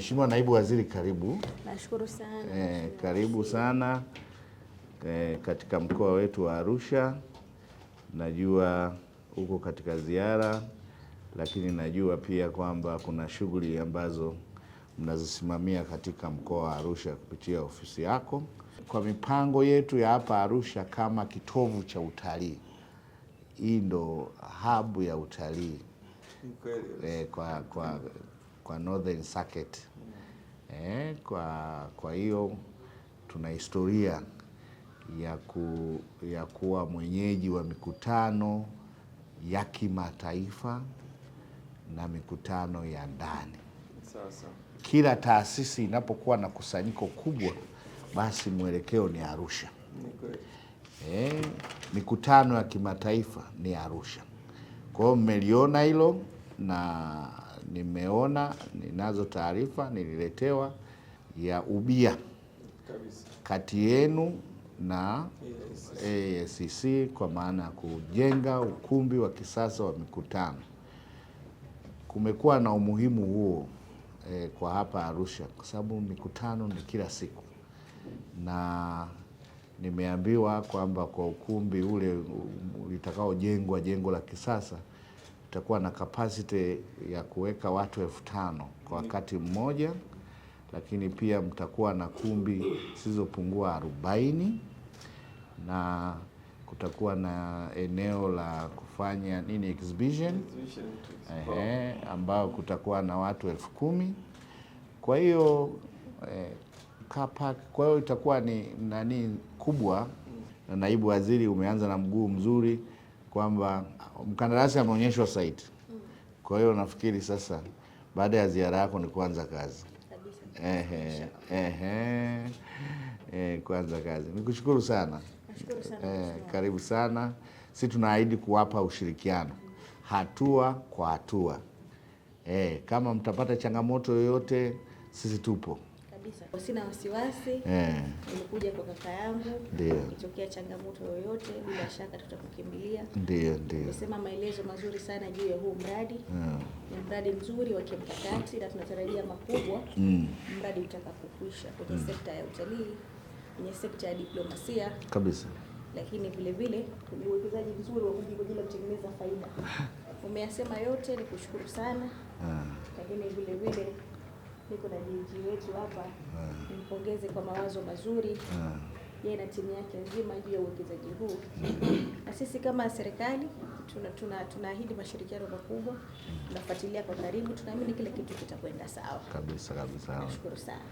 Mheshimiwa Naibu Waziri, karibu. Nashukuru sana. Eh, karibu sana eh, katika mkoa wetu wa Arusha. Najua uko katika ziara, lakini najua pia kwamba kuna shughuli ambazo mnazisimamia katika mkoa wa Arusha kupitia ofisi yako. Kwa mipango yetu ya hapa Arusha kama kitovu cha utalii, hii ndo habu ya utalii eh, kwa, kwa kwa Northern Circuit. Eh, kwa kwa hiyo tuna historia ya, ku, ya kuwa mwenyeji wa mikutano ya kimataifa na mikutano ya ndani. Sasa kila taasisi inapokuwa na kusanyiko kubwa, basi mwelekeo ni Arusha. Eh, mikutano ya kimataifa ni Arusha. Kwa hiyo mmeliona hilo na nimeona, ninazo taarifa nililetewa ya ubia kati yenu na AICC kwa maana ya kujenga ukumbi wa kisasa wa mikutano. Kumekuwa na umuhimu huo e, kwa hapa Arusha kwa sababu mikutano ni kila siku, na nimeambiwa kwamba kwa ukumbi ule litakaojengwa jengo la kisasa tutakuwa na kapasiti ya kuweka watu elfu tano kwa wakati mmoja, lakini pia mtakuwa na kumbi zisizopungua arobaini na kutakuwa na eneo la kufanya nini exhibition, ehe, ambao kutakuwa na watu elfu kumi kwa hiyo eh, car park. Kwa hiyo itakuwa ni nani kubwa, na naibu waziri umeanza na mguu mzuri kwamba mkandarasi ameonyeshwa site. Kwa hiyo nafikiri sasa baada ya ziara yako ni kuanza kazi. Ehe, ehe, kuanza kazi. Nikushukuru sana, sana eh, karibu sana. Si tunaahidi kuwapa ushirikiano hatua kwa hatua. Eh, kama mtapata changamoto yoyote, sisi tupo kabisa. Sina wasiwasi Eh. Nimekuja kwa kaka yangu, ikitokea changamoto yoyote, bila shaka tutakukimbilia. Ndio, ndio. Nimesema maelezo mazuri sana juu ya huu mradi yeah. Ni mradi mzuri wa kimkakati na tunatarajia makubwa mm. Mradi utakapokwisha kwenye mm. sekta ya utalii, kwenye sekta ya diplomasia kabisa, lakini vile vile kwenye uwekezaji mzuri wa kuji kwa ajili ya kutengeneza faida. Ah. Umeyasema yote, ni kushukuru sana yeah. Lakini vile vile mwenyeji wetu hapa eh. nimpongeze kwa mawazo mazuri eh. yeye na timu yake nzima juu ya uwekezaji huu. Eh. Na sisi kama serikali tunaahidi tuna, tuna mashirikiano makubwa, tunafuatilia kwa karibu, tunaamini kila kitu kitakwenda sawa kabisa kabisa. Nashukuru sana.